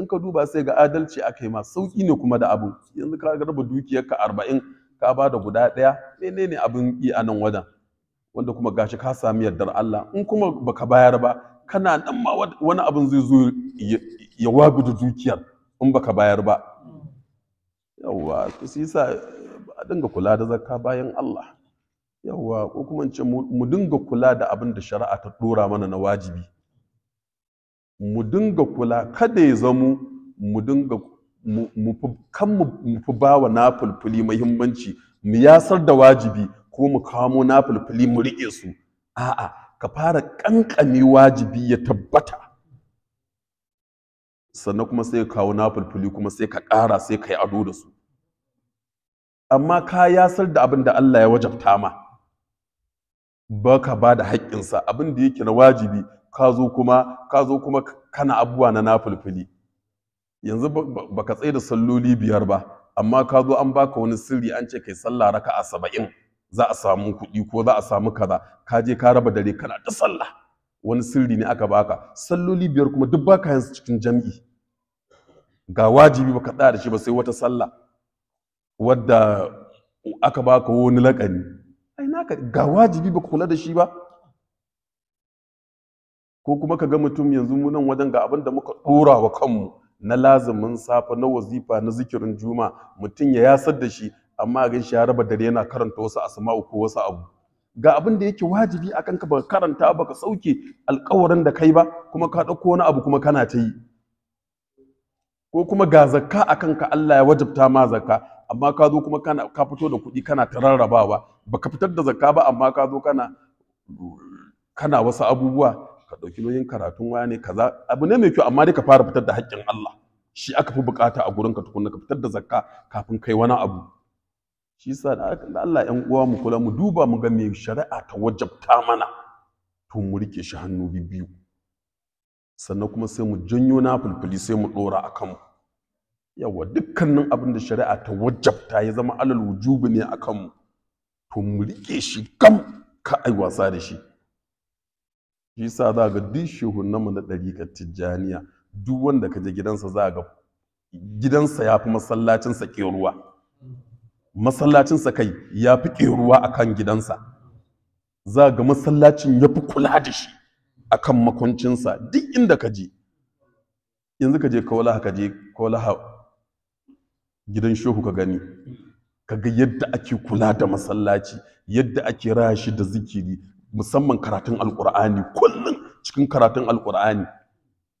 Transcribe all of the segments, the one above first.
in ka duba sai ga adalci a yi ma sauƙi ne kuma da abu yanzu ka raba dukiyarka arba'in ka ba da guda ɗaya menene abin yi a nan wajen wanda kuma gashi ka sami yardar Allah in kuma baka bayar ba kana nan ma wani abin zai zo ya wagu da dukiyar in baka bayar ba yawwa to shi yasa a dinga kula da zakka bayan Allah yawwa ko kuma in ce mu dinga kula da abin da shari'a ta dora mana na wajibi mu dinga kula kada ya zamo mu dinga kan mu fi ba wa na muhimmanci mu yasar da wajibi ko mu kamo na fulfuli mu riƙe su a'a ka fara ƙanƙani wajibi ya tabbata sannan kuma sai ka kawo na kuma sai ka ƙara sai ka yi ado da su amma ka yasar da abin da Allah ya wajabta ma ba ka ba da haƙƙinsa abin da yake na wajibi Kazo kuma ka kuma kana abubuwa na nafulfuli yanzu baka tsaye da salloli biyar ba amma ka zo an baka wani sirri an ce kai sallah raka'a saba'in za a samu kuɗi ko za a samu kaza ka je ka raba dare kana ta sallah wani sirri ne aka baka salloli biyar kuma duk baka yin cikin jam'i ga wajibi baka tsaya da shi ba sai wata sallah wadda aka baka wani laƙani ai naka ga wajibi baka kula da shi ba ko kuma ka ga mutum yanzu mu nan wajen ga abin da muka dora wa kanmu na lazumin safa na wazifa na zikirin juma mutum ya yasar da shi amma ga shi ya raba dare yana karanta wasu asma'u ko wasu abu ga abin da yake wajibi a ka baka karanta baka sauke alƙawarin da kai ba kuma ka ɗauko wani abu kuma kana ta yi ko kuma ga zakka a kanka Allah ya wajabta ma zakka amma ka zo kuma kana ka fito da kuɗi kana ta rarrabawa baka fitar da zakka ba amma ka zo kana kana wasu abubuwa ka ɗauki nauyin karatun waya ne kaza abu ne mai kyau amma dai ka fara fitar da haƙƙin Allah shi aka fi buƙata a gurin gurinka tukunna ka fitar da zakka kafin kai wani abu shi yasa da Allah ɗan uwa mu kula mu duba mu ga me shari'a ta wajabta mana to mu rike shi hannu biyu sannan kuma sai mu janyo na fulfuli sai mu ɗora a kanmu yawa dukkanin abin da shari'a ta wajabta ya zama alal wujubi ne a kanmu to mu rike shi kam ka ai wasa da shi shi yasa za ga duk na mu na ɗariƙar tijjaniya duk wanda ka je gidansa za ga gidansa ya fi masallacinsa ƙeruwa masallacinsa kai ya fi ƙeruwa a kan gidansa za ga masallacin ya fi kula da shi a kan makoncinsa duk inda ka je yanzu ka je kawalaha ka je kawalaha gidan shehu ka gani ka ga yadda ake kula da masallaci yadda ake raya shi da zikiri musamman karatun alkur'ani kullum cikin karatun alkur'ani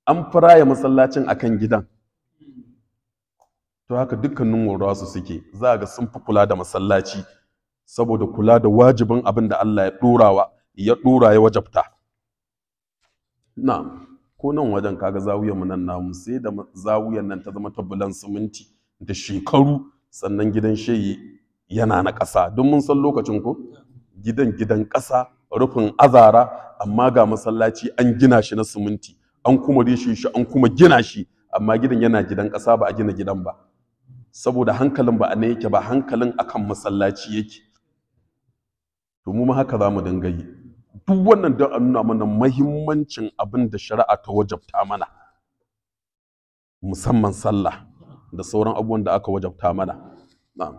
an firaya masallacin a kan gidan to haka dukkanin wurwa su suke za ga sun fi kula da masallaci saboda kula da wajibin abin da Allah ya ɗorawa ya ɗora ya wajabta na ko nan wajen kaga zawiyar mu nan namu sai da zawiyar nan ta zama tabulan siminti da shekaru sannan gidan shayi yana na ƙasa don mun san lokacin ko gidan gidan ƙasa rufin azara amma ga masallaci an gina shi na siminti an kuma rishe shi an kuma gina shi amma gidan yana gidan ƙasa ba a gina gidan ba saboda hankalin ba a ne yake ba hankalin akan masallaci yake to mu ma haka za mu dinga yi duk wannan don a nuna mana muhimmancin abin da shari'a ta wajabta mana musamman sallah da sauran abubuwan da aka wajabta mana